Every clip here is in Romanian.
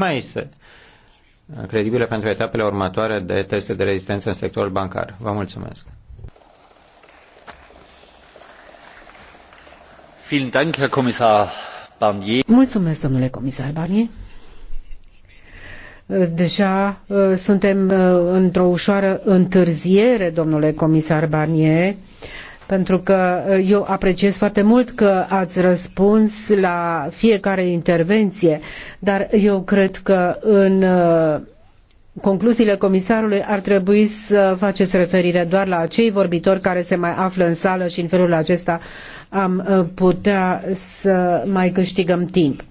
mai este credibilă pentru etapele următoare de teste de rezistență în sectorul bancar. Vă mulțumesc. Mulțumesc, domnule comisar Barnier. Deja uh, suntem uh, într-o ușoară întârziere, domnule comisar Barnier pentru că uh, eu apreciez foarte mult că ați răspuns la fiecare intervenție, dar eu cred că în uh, concluziile comisarului ar trebui să faceți referire doar la acei vorbitori care se mai află în sală și în felul acesta am uh, putea să mai câștigăm timp.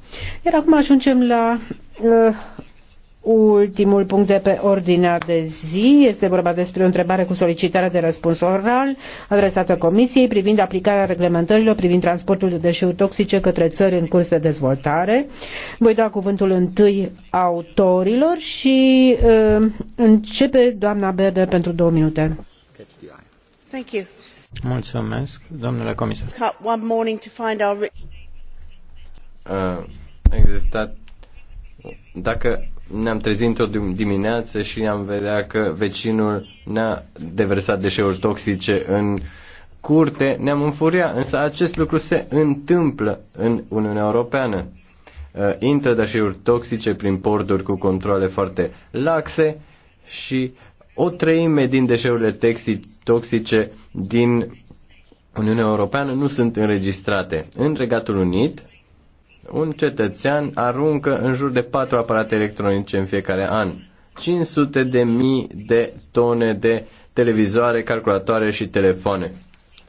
Iar acum ajungem la uh, Ultimul punct de pe ordinea de zi este vorba despre o întrebare cu solicitare de răspuns oral adresată Comisiei privind aplicarea reglementărilor privind transportul de deșeuri toxice către țări în curs de dezvoltare. Voi da cuvântul întâi autorilor și uh, începe doamna Berde pentru două minute. Thank you. Mulțumesc, domnule comisar. One morning to find our... uh, existat dacă ne-am trezit într-o dimineață și am vedea că vecinul ne-a deversat deșeuri toxice în curte, ne-am înfuriat. însă acest lucru se întâmplă în Uniunea Europeană. Uh, intră deșeuri toxice prin porturi cu controle foarte laxe și o treime din deșeurile toxice din Uniunea Europeană nu sunt înregistrate. În Regatul Unit, un cetățean aruncă în jur de patru aparate electronice în fiecare an. 500 de mii de tone de televizoare, calculatoare și telefoane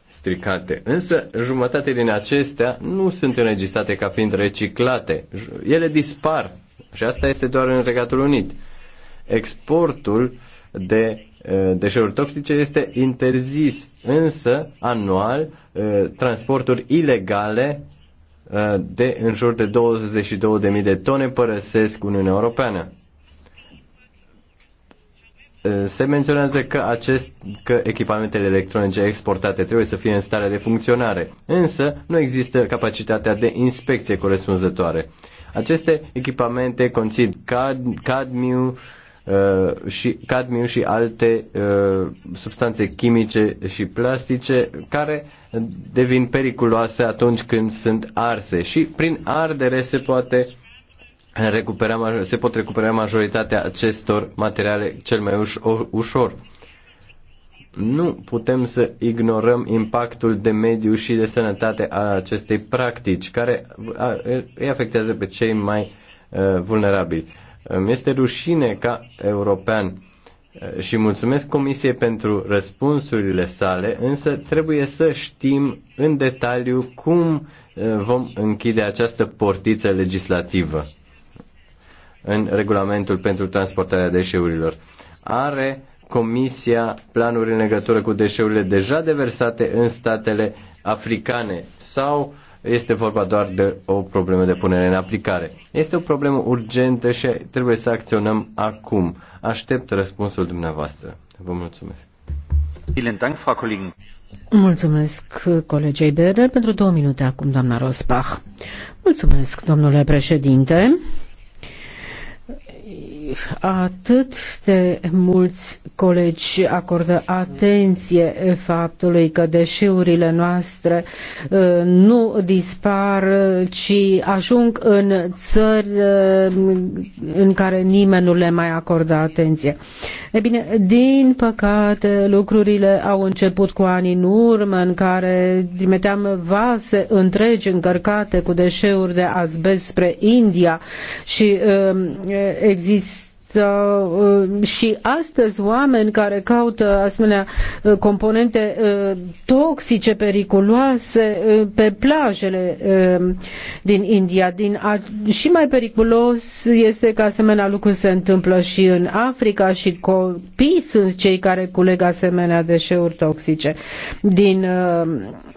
stricate. Însă jumătate din acestea nu sunt înregistrate ca fiind reciclate. Ele dispar și asta este doar în Regatul Unit. Exportul de deșeuri toxice este interzis, însă anual transporturi ilegale Uh, de în jur de 22.000 de tone părăsesc Uniunea Europeană. Uh, se menționează că, acest, că echipamentele electronice exportate trebuie să fie în stare de funcționare, însă nu există capacitatea de inspecție corespunzătoare. Aceste echipamente conțin cad, cadmiu, uh, Uh, și cadmiu și alte uh, substanțe chimice și plastice care devin periculoase atunci când sunt arse și prin ardere se poate recupera, se pot recupera majoritatea acestor materiale cel mai uș- ușor. Nu putem să ignorăm impactul de mediu și de sănătate a acestei practici, care îi afectează pe cei mai uh, vulnerabili. Îmi este rușine ca european eh, și mulțumesc Comisiei pentru răspunsurile sale, însă trebuie să știm în detaliu cum eh, vom închide această portiță legislativă în regulamentul pentru transportarea deșeurilor. Are Comisia planuri în legătură cu deșeurile deja deversate în statele africane sau este vorba doar de o problemă de punere în aplicare. Este o problemă urgentă și trebuie să acționăm acum. Aștept răspunsul dumneavoastră. Vă mulțumesc. Mulțumesc colegei Berder pentru două minute acum, doamna Rosbach. Mulțumesc, domnule președinte atât de mulți colegi acordă atenție faptului că deșeurile noastre uh, nu dispar, ci ajung în țări uh, în care nimeni nu le mai acordă atenție. E bine, din păcate, lucrurile au început cu ani în urmă, în care trimiteam vase întregi încărcate cu deșeuri de azbest spre India și uh, există Uh, și astăzi oameni care caută asemenea uh, componente uh, toxice, periculoase pe plajele din India. Din, și mai periculos este că asemenea lucruri se întâmplă și în Africa și copii sunt cei care culeg asemenea deșeuri toxice din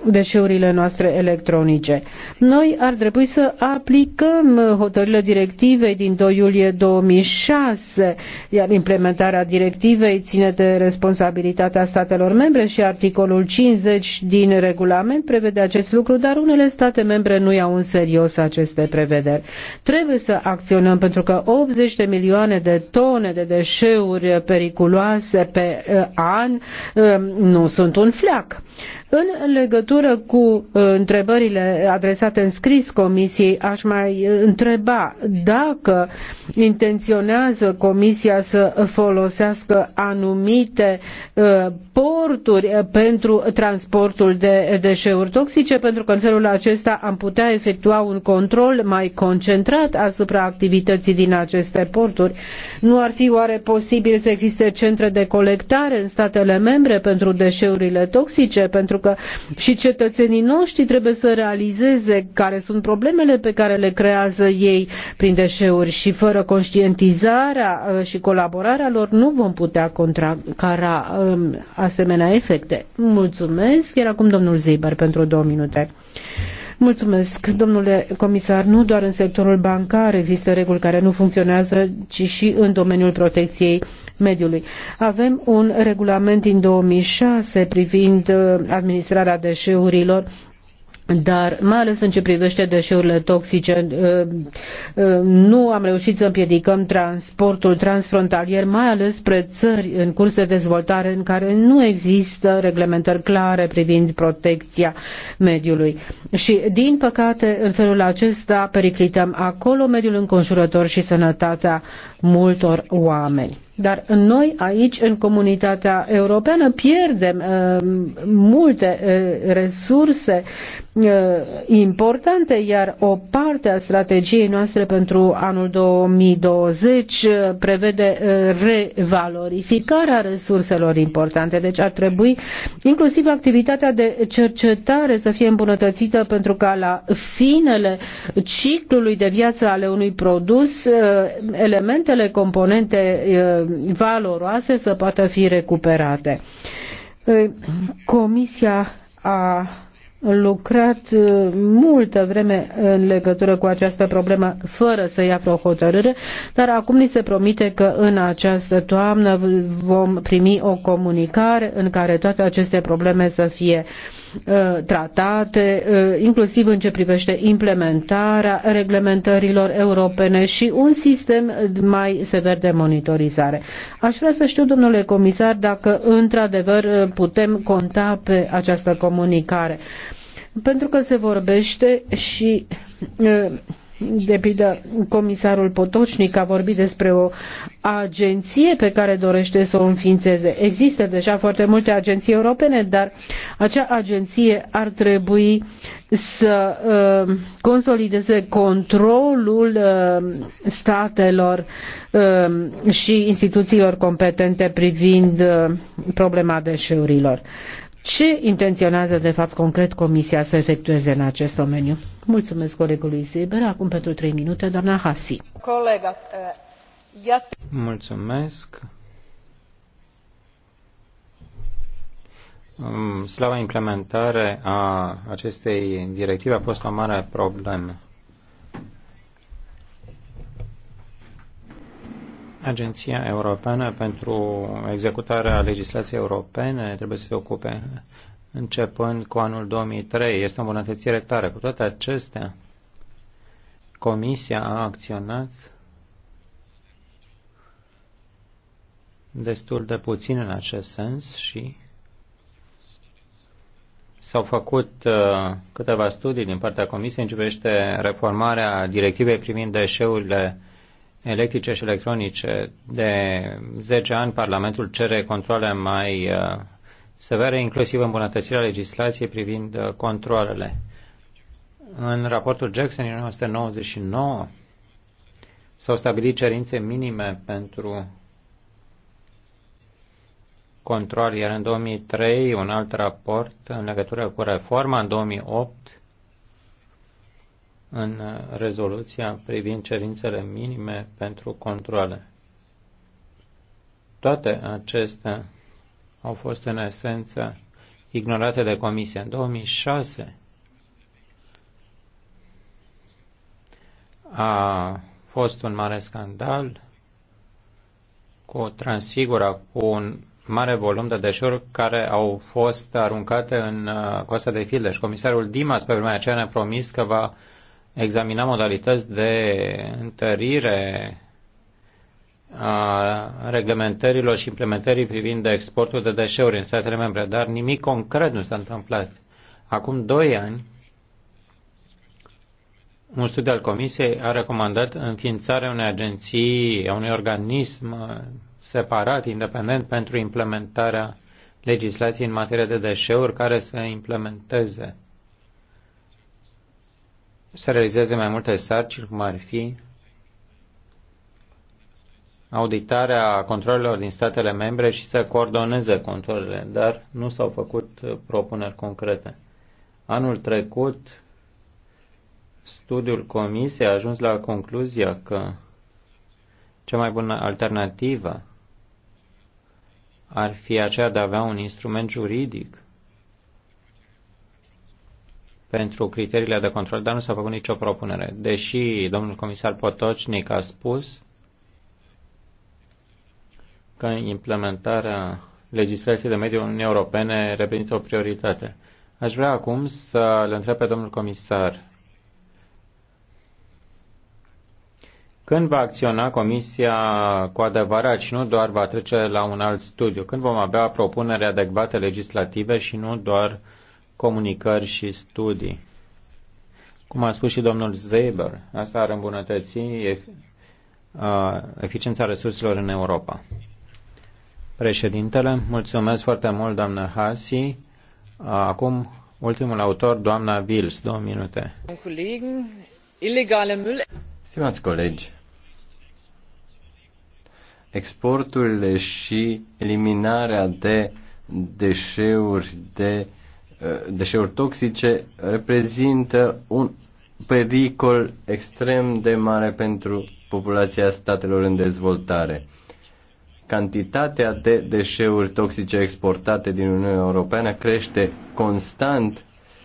deșeurile noastre electronice. Noi ar trebui să aplicăm hotărârile directivei din 2 iulie 2006 diverse, iar implementarea directivei ține de responsabilitatea statelor membre și articolul 50 din regulament prevede acest lucru, dar unele state membre nu iau în serios aceste prevederi. Trebuie să acționăm pentru că 80 de milioane de tone de deșeuri periculoase pe uh, an um, nu sunt un fleac. În legătură cu uh, întrebările adresate în scris Comisiei, aș mai întreba dacă intenționează Comisia să folosească anumite uh, porturi uh, pentru transportul de deșeuri toxice, pentru că în felul acesta am putea efectua un control mai concentrat asupra activității din aceste porturi. Nu ar fi oare posibil să existe centre de colectare în statele membre pentru deșeurile toxice, pentru că și cetățenii noștri trebuie să realizeze care sunt problemele pe care le creează ei prin deșeuri și fără conștientizare cooperarea uh, și colaborarea lor nu vom putea contracara um, asemenea efecte. Mulțumesc, iar acum domnul Ziber pentru două minute. Mulțumesc, domnule comisar. Nu doar în sectorul bancar există reguli care nu funcționează, ci și în domeniul protecției mediului. Avem un regulament din 2006 privind uh, administrarea deșeurilor dar mai ales în ce privește deșeurile toxice, uh, uh, nu am reușit să împiedicăm transportul transfrontalier, mai ales spre țări în curs de dezvoltare în care nu există reglementări clare privind protecția mediului. Și, din păcate, în felul acesta periclităm acolo mediul înconjurător și sănătatea multor oameni. Dar noi aici, în comunitatea europeană, pierdem uh, multe uh, resurse uh, importante, iar o parte a strategiei noastre pentru anul 2020 uh, prevede uh, revalorificarea resurselor importante. Deci ar trebui inclusiv activitatea de cercetare să fie îmbunătățită pentru ca la finele ciclului de viață ale unui produs, uh, elementele, componente uh, valoroase să poată fi recuperate. Comisia a lucrat uh, multă vreme în legătură cu această problemă fără să ia vreo hotărâre, dar acum ni se promite că în această toamnă vom primi o comunicare în care toate aceste probleme să fie uh, tratate, uh, inclusiv în ce privește implementarea reglementărilor europene și un sistem mai sever de monitorizare. Aș vrea să știu, domnule comisar, dacă într-adevăr putem conta pe această comunicare. Pentru că se vorbește și de pildă, comisarul Potocnic a vorbit despre o agenție pe care dorește să o înființeze. Există deja foarte multe agenții europene, dar acea agenție ar trebui să uh, consolideze controlul uh, statelor uh, și instituțiilor competente privind uh, problema deșeurilor ce intenționează de fapt concret Comisia să efectueze în acest domeniu. Mulțumesc colegului Zeber. Acum pentru trei minute, doamna Hasi. Colega, eh, iată... Mulțumesc. Slava implementare a acestei directive a fost o mare problemă Agenția Europeană pentru executarea legislației europene trebuie să se ocupe începând cu anul 2003. Este o îmbunătățire tare. Cu toate acestea, Comisia a acționat destul de puțin în acest sens și s-au făcut uh, câteva studii din partea Comisiei în ce privește reformarea directivei privind deșeurile electrice și electronice. De 10 ani Parlamentul cere controle mai uh, severe, inclusiv îmbunătățirea legislației privind uh, controlele. În raportul Jackson din 1999 s-au stabilit cerințe minime pentru control, iar în 2003 un alt raport în legătură cu reforma, în 2008 în rezoluția privind cerințele minime pentru controle. Toate acestea au fost în esență ignorate de comisie. În 2006 a fost un mare scandal cu transfigura, cu un mare volum de deșeuri care au fost aruncate în uh, coasta de fildeș. Comisarul Dimas pe vremea aceea ne-a promis că va examina modalități de întărire a reglementărilor și implementării privind de exportul de deșeuri în statele membre, dar nimic concret nu s-a întâmplat. Acum doi ani, un studiu al Comisiei a recomandat înființarea unei agenții, a unui organism separat, independent, pentru implementarea legislației în materie de deșeuri care să implementeze să realizeze mai multe sarcini, cum ar fi auditarea controlelor din statele membre și să coordoneze controlele, dar nu s-au făcut uh, propuneri concrete. Anul trecut, studiul comisiei a ajuns la concluzia că cea mai bună alternativă ar fi aceea de a avea un instrument juridic pentru criteriile de control, dar nu s-a făcut nicio propunere. Deși domnul comisar Potocnic a spus că implementarea legislației de mediu Uniunii Europene reprezintă o prioritate. Aș vrea acum să le întreb pe domnul comisar Când va acționa Comisia cu adevărat și nu doar va trece la un alt studiu? Când vom avea propuneri adecvate legislative și nu doar uh, comunicări și studii. Cum a spus și domnul Zeber, asta ar îmbunătăți eficiența resurselor în Europa. Președintele, mulțumesc foarte mult, doamnă Hasi. Acum, ultimul autor, doamna Vils, două minute. Stimați colegi, exporturile și eliminarea de deșeuri de Uh, deșeuri toxice reprezintă un pericol extrem de mare pentru populația statelor în dezvoltare. Cantitatea de deșeuri toxice exportate din Uniunea Europeană crește constant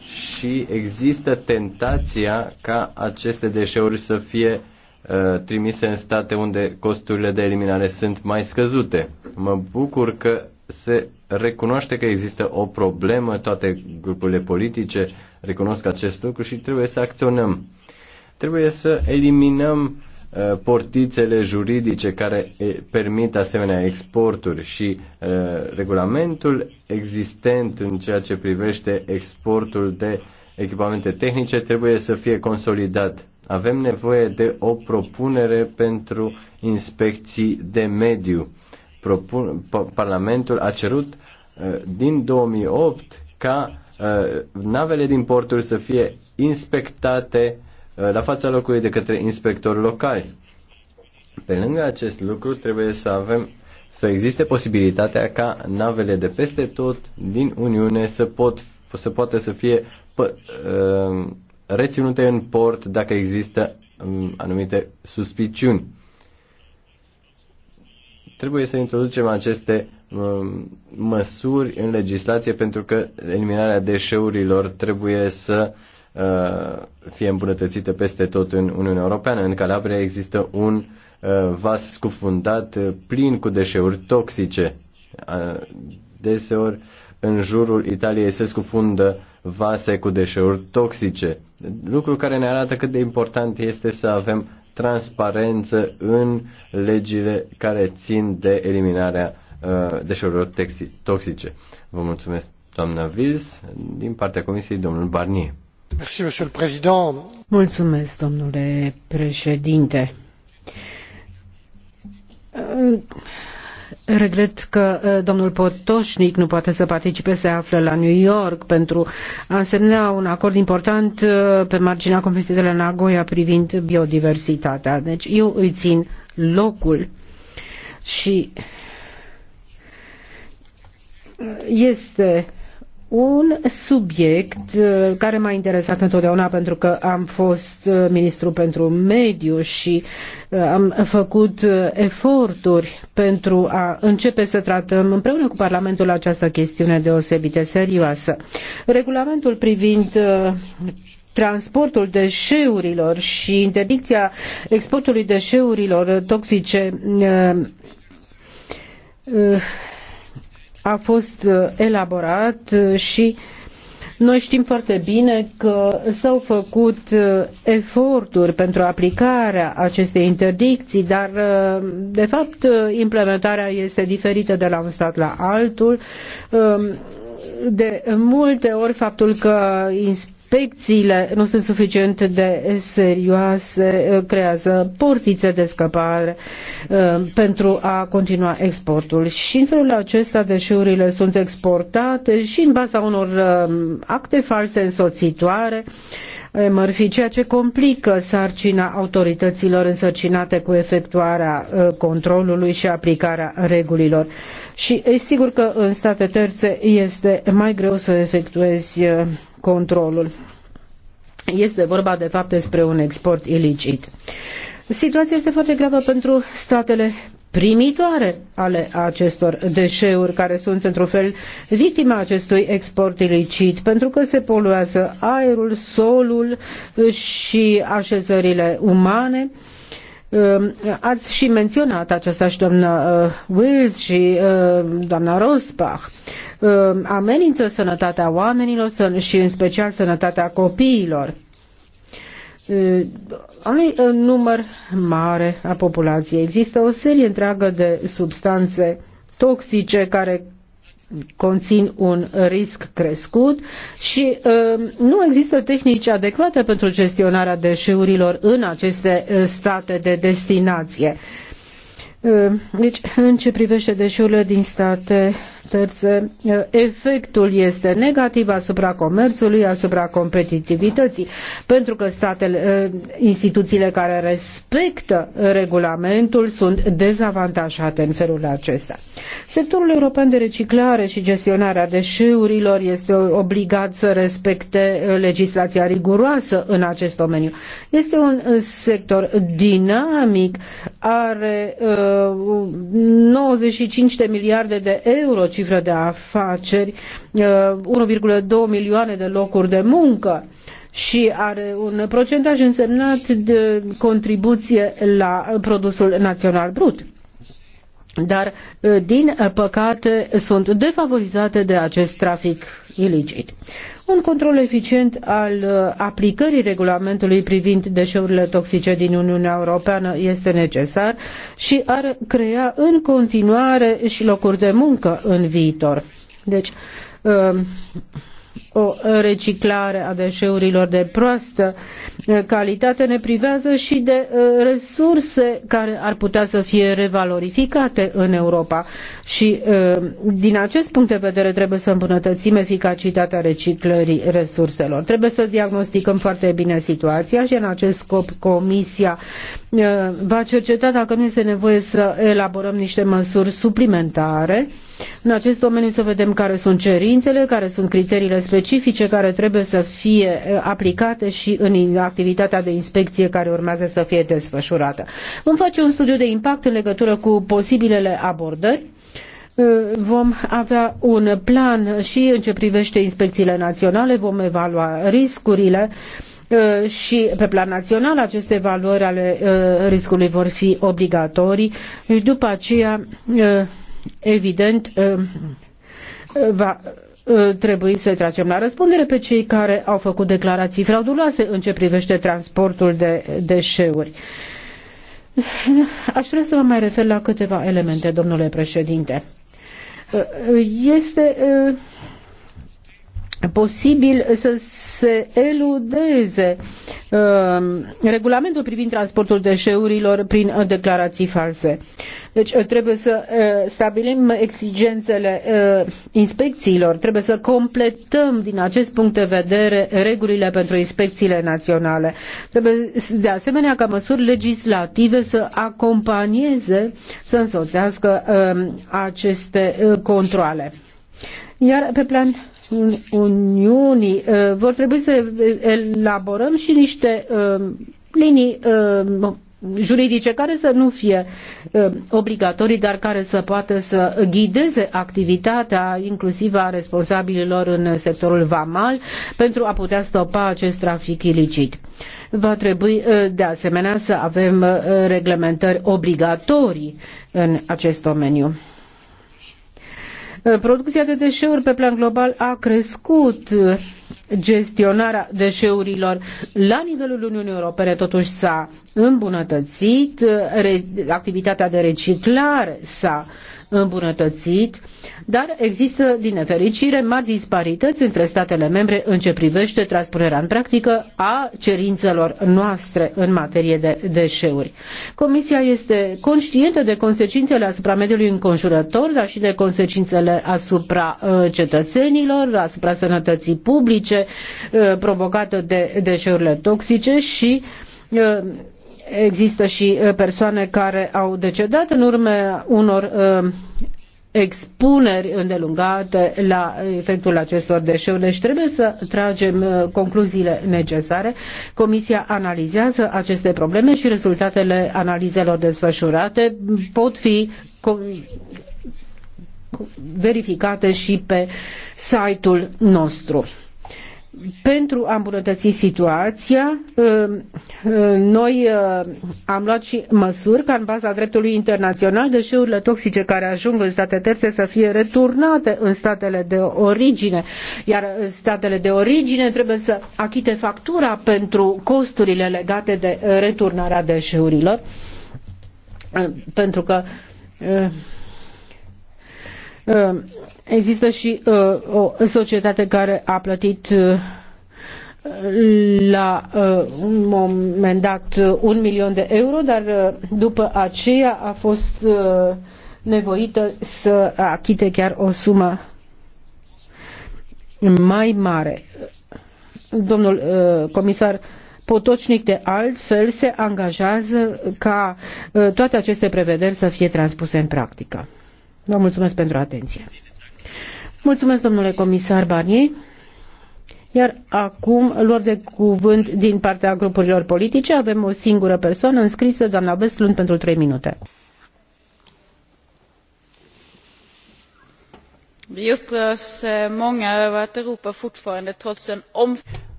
și există tentația ca aceste deșeuri să fie uh, trimise în state unde costurile de eliminare sunt mai scăzute. Mă bucur că se recunoaște că există o problemă, toate grupurile politice recunosc acest lucru și trebuie să acționăm. Trebuie să eliminăm uh, portițele juridice care permit asemenea exporturi și uh, regulamentul existent în ceea ce privește exportul de echipamente tehnice trebuie să fie consolidat. Avem nevoie de o propunere pentru inspecții de mediu. Propun, Parlamentul a cerut Eh, din 2008 ca eh, navele din porturi să fie inspectate eh, la fața locului de către inspectori locali. Pe lângă acest lucru trebuie să avem să existe posibilitatea ca navele de peste tot din Uniune să, pot, să poată să fie pă, reținute în port dacă există mm, anumite suspiciuni. Trebuie să introducem aceste um, măsuri în legislație pentru că eliminarea deșeurilor trebuie să uh, fie îmbunătățită peste tot în Uniunea Europeană. În Calabria există un uh, vas scufundat uh, plin cu deșeuri toxice. Deseori în jurul Italiei se scufundă vase cu deșeuri toxice, lucru care ne arată cât de important este să avem transparență în legile care țin de eliminarea uh, deșeurilor toxice. Vă mulțumesc, doamna Vils, din partea Comisiei, domnul Barnier. Mulțumesc, domnule președinte. Uh, Regret că domnul Potoșnic nu poate să participe, se află la New York pentru a însemna un acord important pe marginea conferinței de la Nagoya privind biodiversitatea. Deci eu îi țin locul și este un subiect uh, care m-a interesat întotdeauna pentru că am fost uh, ministru pentru mediu și uh, am făcut eforturi pentru a începe să tratăm împreună cu Parlamentul această chestiune deosebită serioasă. Regulamentul privind transportul deșeurilor și interdicția exportului deșeurilor toxice a fost uh, elaborat uh, și noi știm foarte bine că s-au făcut uh, eforturi pentru aplicarea acestei interdicții, dar de fapt implementarea este diferită de la un stat la altul um, de multe ori faptul că inspecțiile nu sunt suficient de serioase, uh, creează portițe de scăpare uh, pentru a continua exportul. Și în felul acesta deșeurile sunt exportate și în baza unor uh, acte false însoțitoare mărfi, ceea ce complică sarcina autorităților însărcinate cu efectuarea controlului și aplicarea regulilor. Și e sigur că în state terțe este mai greu să efectuezi controlul. Este vorba de fapt despre un export ilicit. Situația este foarte gravă pentru statele primitoare ale acestor deșeuri care sunt într-un fel victima acestui export ilicit pentru că se poluează aerul, solul și așezările umane Um, ați și menționat aceasta și doamna uh, Wills și uh, doamna Rosbach. Um, amenință sănătatea oamenilor și în special sănătatea copiilor uh, un număr mare a populației. Există o serie întreagă de substanțe toxice care conțin un risc crescut și uh, nu există tehnici adecvate pentru gestionarea deșeurilor în aceste uh, state de destinație. Uh, deci, în ce privește deșeurile din state terțe, eh, efectul este negativ asupra comerțului, asupra competitivității, pentru că statele, eh, instituțiile care respectă regulamentul sunt dezavantajate în felul acesta. Sectorul european de reciclare și gestionarea deșeurilor este obligat să respecte eh, legislația riguroasă în acest domeniu. Este un sector dinamic, are uh, 95 de miliarde de euro cifră de afaceri, 1,2 uh, milioane de locuri de muncă și are un procentaj însemnat de contribuție la produsul național brut dar uh, din păcate sunt defavorizate de acest trafic ilicit un control eficient al uh, aplicării regulamentului privind deșeurile toxice din Uniunea Europeană este necesar și ar crea în continuare și locuri de muncă în viitor. Deci, uh, o reciclare a deșeurilor de proastă calitate ne privează și de uh, resurse care ar putea să fie revalorificate în Europa. Și uh, din acest punct de vedere trebuie să îmbunătățim eficacitatea reciclării resurselor. Trebuie să diagnosticăm foarte bine situația și în acest scop Comisia uh, va cerceta dacă nu este nevoie să elaborăm niște măsuri suplimentare în acest domeniu să vedem care sunt cerințele, care sunt criteriile specifice care trebuie să fie eh, aplicate și în activitatea de inspecție care urmează să fie desfășurată. Vom face un studiu de impact în legătură cu posibilele abordări eh, vom avea un plan și în ce privește inspecțiile naționale, vom evalua riscurile eh, și pe plan național aceste valori ale riscului vor fi obligatorii și după aceea evident uh, va uh, trebui să tragem la răspundere pe cei care au făcut declarații frauduloase în ce privește transportul de deșeuri. Aș vrea să vă mai refer la câteva elemente, domnule președinte. Uh, este posibil să se eludeze uh, regulamentul privind transportul deșeurilor prin declarații false. Deci uh, trebuie să uh, stabilim exigențele uh, inspecțiilor, trebuie să completăm din acest punct de vedere regulile pentru inspecțiile naționale. Trebuie de asemenea ca măsuri legislative să acompanieze, să însoțească um, aceste uh, controle. Iar pe plan Uniunii uh, vor trebui să uh, elaborăm și niște uh, linii juridice care să nu fie obligatorii, dar care să poată să ghideze activitatea inclusiv a responsabililor în sectorul vamal pentru a putea stopa acest trafic ilicit. Va trebui de asemenea să avem reglementări obligatorii în acest domeniu. Producția de deșeuri pe plan global a crescut. Gestionarea deșeurilor la nivelul Uniunii Europene totuși s-a îmbunătățit, activitatea de reciclare s-a îmbunătățit, dar există, din nefericire, mari disparități între statele membre în ce privește transpunerea în practică a cerințelor noastre în materie de deșeuri. Comisia este conștientă de consecințele asupra mediului înconjurător, dar și de consecințele asupra uh, cetățenilor, asupra sănătății publice uh, provocată de deșeurile toxice și uh, Există și uh, persoane care au decedat în urma unor uh, expuneri îndelungate la efectul acestor deșeuri. Deci trebuie să tragem uh, concluziile necesare. Comisia analizează aceste probleme și rezultatele analizelor desfășurate pot fi verificate și pe site-ul nostru pentru a îmbunătăți situația, ă, ă, noi ă, am luat și măsuri ca în baza dreptului internațional deșeurile toxice care ajung în state terțe să fie returnate în statele de origine, iar statele de origine trebuie să achite factura pentru costurile legate de returnarea deșeurilor, pentru că Uh, există și uh, o societate care a plătit uh, la un moment dat un milion de euro, dar după aceea a fost nevoită să achite chiar o sumă mai mare. Domnul comisar Potocnic de altfel se angajează ca toate aceste prevederi să fie transpuse în practică. Vă mulțumesc pentru atenție. Mulțumesc, domnule comisar Barnier. Iar acum, lor de cuvânt din partea grupurilor politice, avem o singură persoană înscrisă, doamna Vestlund, pentru 3 minute. Eh,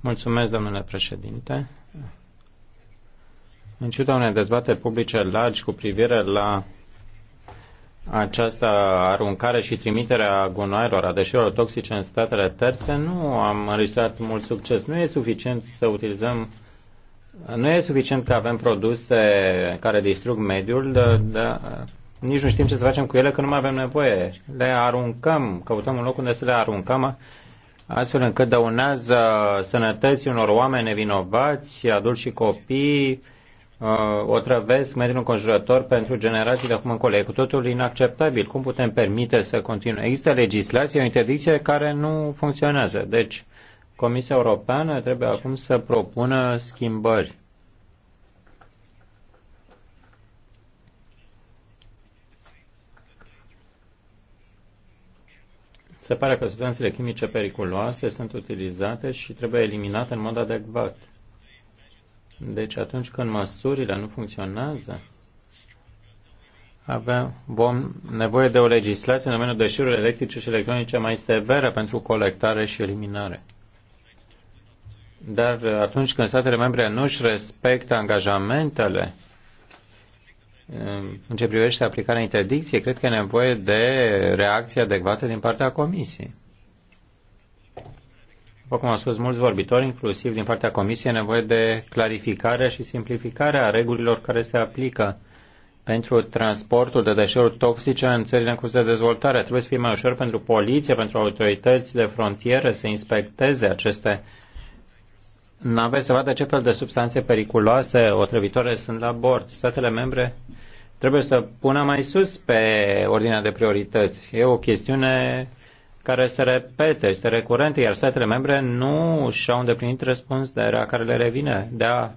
mulțumesc, domnule președinte. În ciuda unei dezbateri publice largi cu privire la această aruncare și trimiterea gunoaielor, a deșeurilor toxice în statele terțe, nu am înregistrat mult succes. Nu e suficient să utilizăm nu e suficient că avem produse care distrug mediul, dar, da, nici nu știm ce să facem cu ele, că nu mai avem nevoie. Le aruncăm, căutăm un loc unde să le aruncăm, astfel încât dăunează sănătății unor oameni nevinovați, adulți și copii, uh, otrăvesc mediul înconjurător pentru generații de acum încolo. E cu totul inacceptabil. Cum putem permite să continue? Există legislație, o interdicție care nu funcționează. Deci, Comisia Europeană trebuie acum să propună schimbări. Se pare că substanțele chimice periculoase sunt utilizate și trebuie eliminate în mod adecvat. Deci atunci când măsurile nu funcționează, avem, vom nevoie de o legislație în domeniul deșeurilor electrice și electronice mai severă pentru colectare și eliminare. Dar atunci când statele membre nu își respectă angajamentele eh, în ce privește aplicarea interdicției, cred că e nevoie de reacție adecvată din partea Comisiei. După cum au spus mulți vorbitori, inclusiv din partea Comisiei, nevoie de clarificare și simplificare a regulilor care se aplică pentru transportul de deșeuri toxice în țările în curs de dezvoltare. Trebuie să fie mai ușor pentru poliție, pentru autorități de frontieră să inspecteze aceste nave, să vadă ce fel de substanțe periculoase, otrăvitoare sunt la bord. Statele membre trebuie să pună mai sus pe ordinea de priorități. E o chestiune care se repete, este recurent, iar statele membre nu și-au îndeplinit răspunderea care le revine de a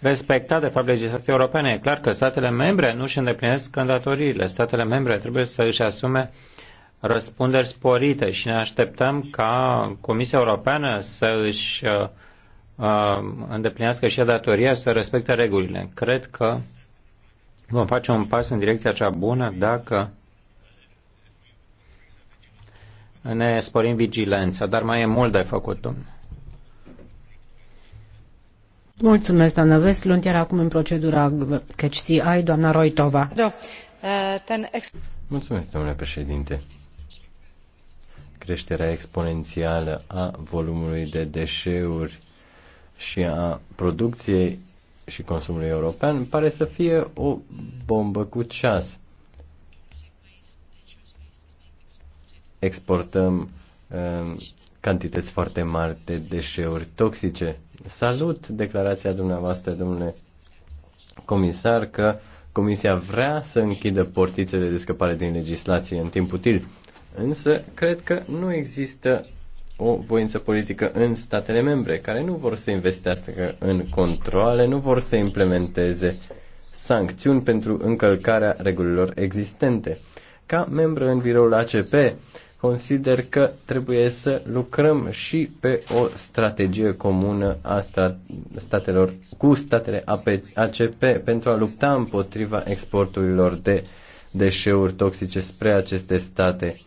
respecta, de fapt, legislația europeană. E clar că statele membre nu își îndeplinesc îndatoririle. Statele membre trebuie să își asume răspunderi sporite și ne așteptăm ca Comisia Europeană să își uh, uh, îndeplinească și datoria să respecte regulile. Cred că vom face un pas în direcția cea bună dacă ne sporim vigilența, dar mai e mult de făcut, domnule. Mulțumesc, doamnă Veslund. Iar acum în procedura căci ai doamna Roitova. Do. Da. Eh, Mulțumesc, domnule președinte. Creșterea exponențială a volumului de deșeuri și a producției și consumului european pare să fie o bombă cu ceas. exportăm um, cantități foarte mari de deșeuri toxice. Salut declarația dumneavoastră, domnule comisar, că Comisia vrea să închidă portițele de scăpare din legislație în timp util, însă cred că nu există o voință politică în statele membre, care nu vor să investească în controle, nu vor să implementeze sancțiuni pentru încălcarea regulilor existente. Ca membru în biroul ACP, consider că trebuie să lucrăm și pe o strategie comună a statelor, cu statele ACP pentru a lupta împotriva exporturilor de deșeuri toxice spre aceste state.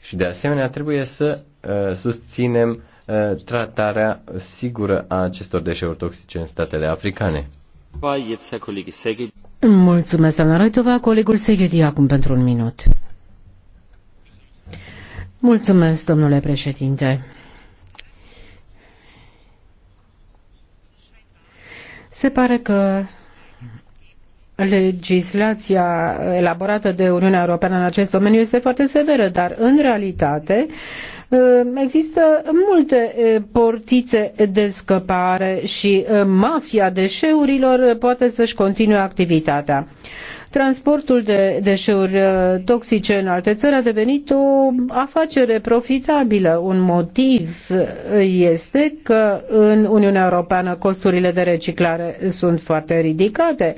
Și de asemenea trebuie să uh, susținem uh, tratarea sigură a acestor deșeuri toxice în statele africane. Mulțumesc, doamna Raitova. Colegul Seghedi acum pentru un minut. Mulțumesc, domnule președinte. Se pare că legislația elaborată de Uniunea Europeană în acest domeniu este foarte severă, dar în realitate ă, există multe portițe de scăpare și mafia deșeurilor poate să-și continue activitatea. Transportul de deșeuri uh, toxice în alte țări a devenit o afacere profitabilă. Un motiv uh, este că în Uniunea Europeană costurile de reciclare sunt foarte ridicate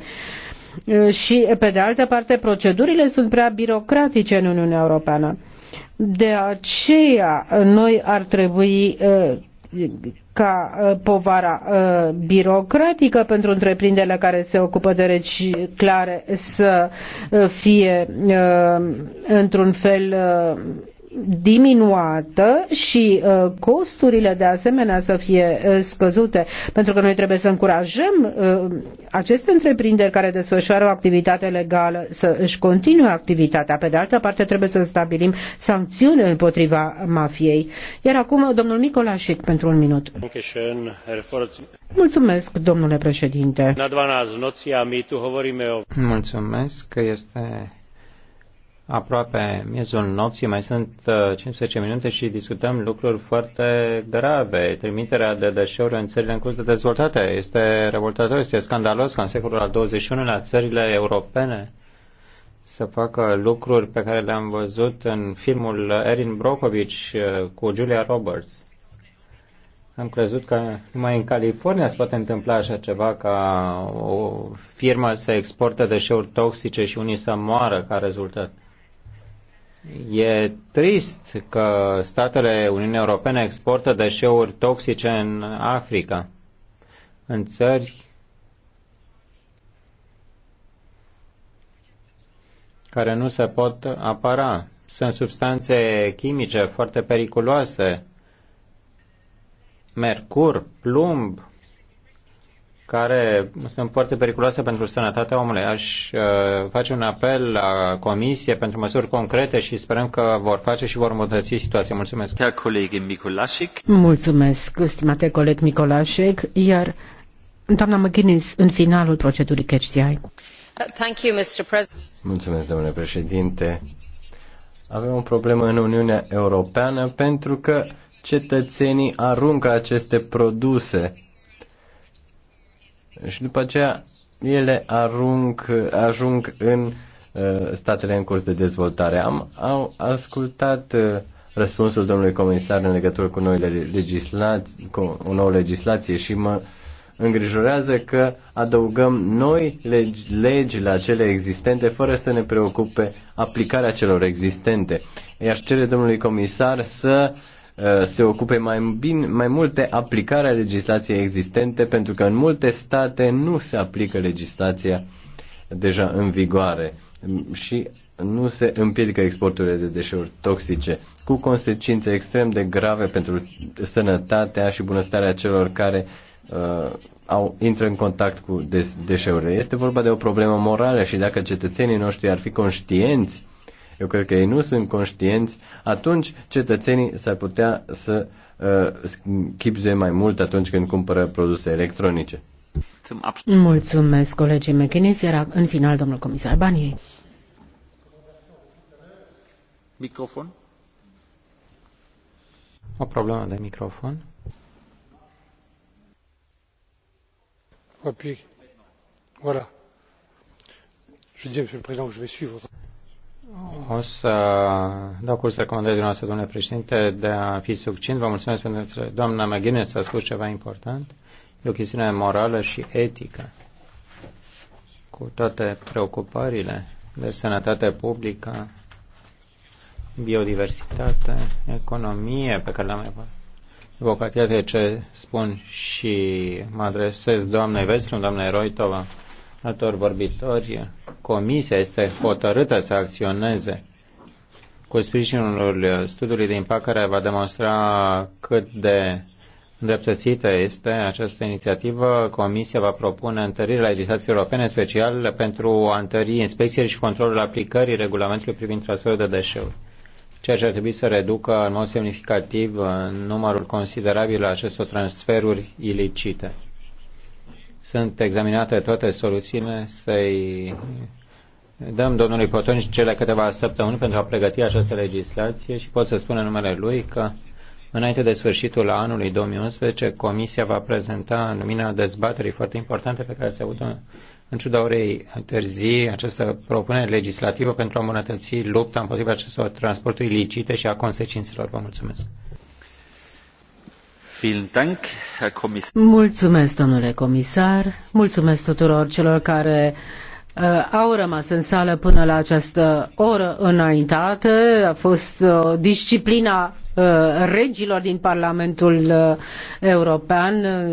uh, și, pe de altă parte, procedurile sunt prea birocratice în Uniunea Europeană. De aceea, noi ar trebui ca ă, povara ă, birocratică pentru întreprinderile care se ocupă de reciclare să ă, fie într-un fel diminuată și uh, costurile de asemenea să fie uh, scăzute, pentru că noi trebuie să încurajăm uh, aceste întreprinderi care desfășoară o activitate legală să își continue activitatea. Pe de altă parte trebuie să stabilim sancțiuni împotriva mafiei. Iar acum domnul Nicolașic pentru un minut. Mulțumesc, domnule președinte. Mulțumesc că este aproape miezul nopții, mai sunt 15 uh, minute și discutăm lucruri foarte grave. Trimiterea de deșeuri în țările în curs de dezvoltate este revoltător, este scandalos ca în secolul al XXI-lea țările europene să facă lucruri pe care le-am văzut în filmul Erin Brockovich uh, cu Julia Roberts. Am crezut că numai în California se poate întâmpla așa ceva ca o firmă să exporte deșeuri toxice și unii să moară ca rezultat. E trist că statele Uniunii Europene exportă deșeuri toxice în Africa, în țări care nu se pot apăra. Sunt substanțe chimice foarte periculoase. Mercur, plumb, care sunt foarte periculoase pentru sănătatea omului. Aș uh, face un apel la Comisie pentru măsuri concrete și sperăm că vor face și vor îmbunătăți situația. Mulțumesc. Mulțumesc, stimate coleg Micolașic, iar doamna McGuinness în finalul procedurii CHCI. Mulțumesc, domnule președinte. Avem o problemă în Uniunea Europeană pentru că cetățenii aruncă aceste produse și după aceea ele arunc, ajung în uh, statele în curs de dezvoltare. Am au ascultat uh, răspunsul domnului comisar în legătură cu, noile legislații, cu o nouă legislație și mă îngrijorează că adăugăm noi legi, legi la cele existente fără să ne preocupe aplicarea celor existente. I-aș cere domnului comisar să uh, Uh, se ocupe mai, bine, mai mult de aplicarea legislației existente, pentru că în multe state nu se aplică legislația deja în vigoare și nu se împiedică exporturile de deșeuri toxice, cu consecințe extrem de grave pentru sănătatea și bunăstarea celor care uh, au, intră în contact cu de- deșeurile. Este vorba de o problemă morală și dacă cetățenii noștri ar fi conștienți eu cred că ei nu sunt conștienți, atunci cetățenii s-ar putea să uh, mai mult atunci când cumpără produse electronice. Mulțumesc, colegii McInnes. Era în final domnul comisar Baniei. Microfon. O problemă de microfon. Voilà. Je disais, Monsieur le Président, que je vais suivre. O să dau curs recomandării dumneavoastră, domnule președinte, de a fi succint. Vă mulțumesc pentru că doamna McGuinness a spus ceva important. E o chestiune morală și etică. Cu toate preocupările de sănătate publică, biodiversitate, economie pe care le am evocat, iată ce spun și mă adresez doamnei Veslin, doamnei Roitova, altor vorbitor, Comisia este hotărâtă să acționeze cu sprijinul studiului de impact care va demonstra cât de îndreptățită este această inițiativă. Comisia va propune întărirea legislației europene, special pentru a întări inspecțiile și controlul aplicării regulamentului privind transferul de deșeuri, ceea ce ar trebui să reducă în mod semnificativ numărul considerabil acestor transferuri ilicite sunt examinate toate soluțiile, să-i dăm domnului Potonci cele câteva săptămâni pentru a pregăti această legislație și pot să spun în numele lui că înainte de sfârșitul anului 2011 Comisia va prezenta în lumina dezbaterii foarte importante pe care ați avut-o în ciuda orei târzii această propunere legislativă pentru a îmbunătăți lupta împotriva acestor transporturi ilicite și a consecințelor. Vă mulțumesc! Mulțumesc, domnule comisar, mulțumesc tuturor celor care uh, au rămas în sală până la această oră înaintată. A fost uh, disciplina uh, regilor din Parlamentul European.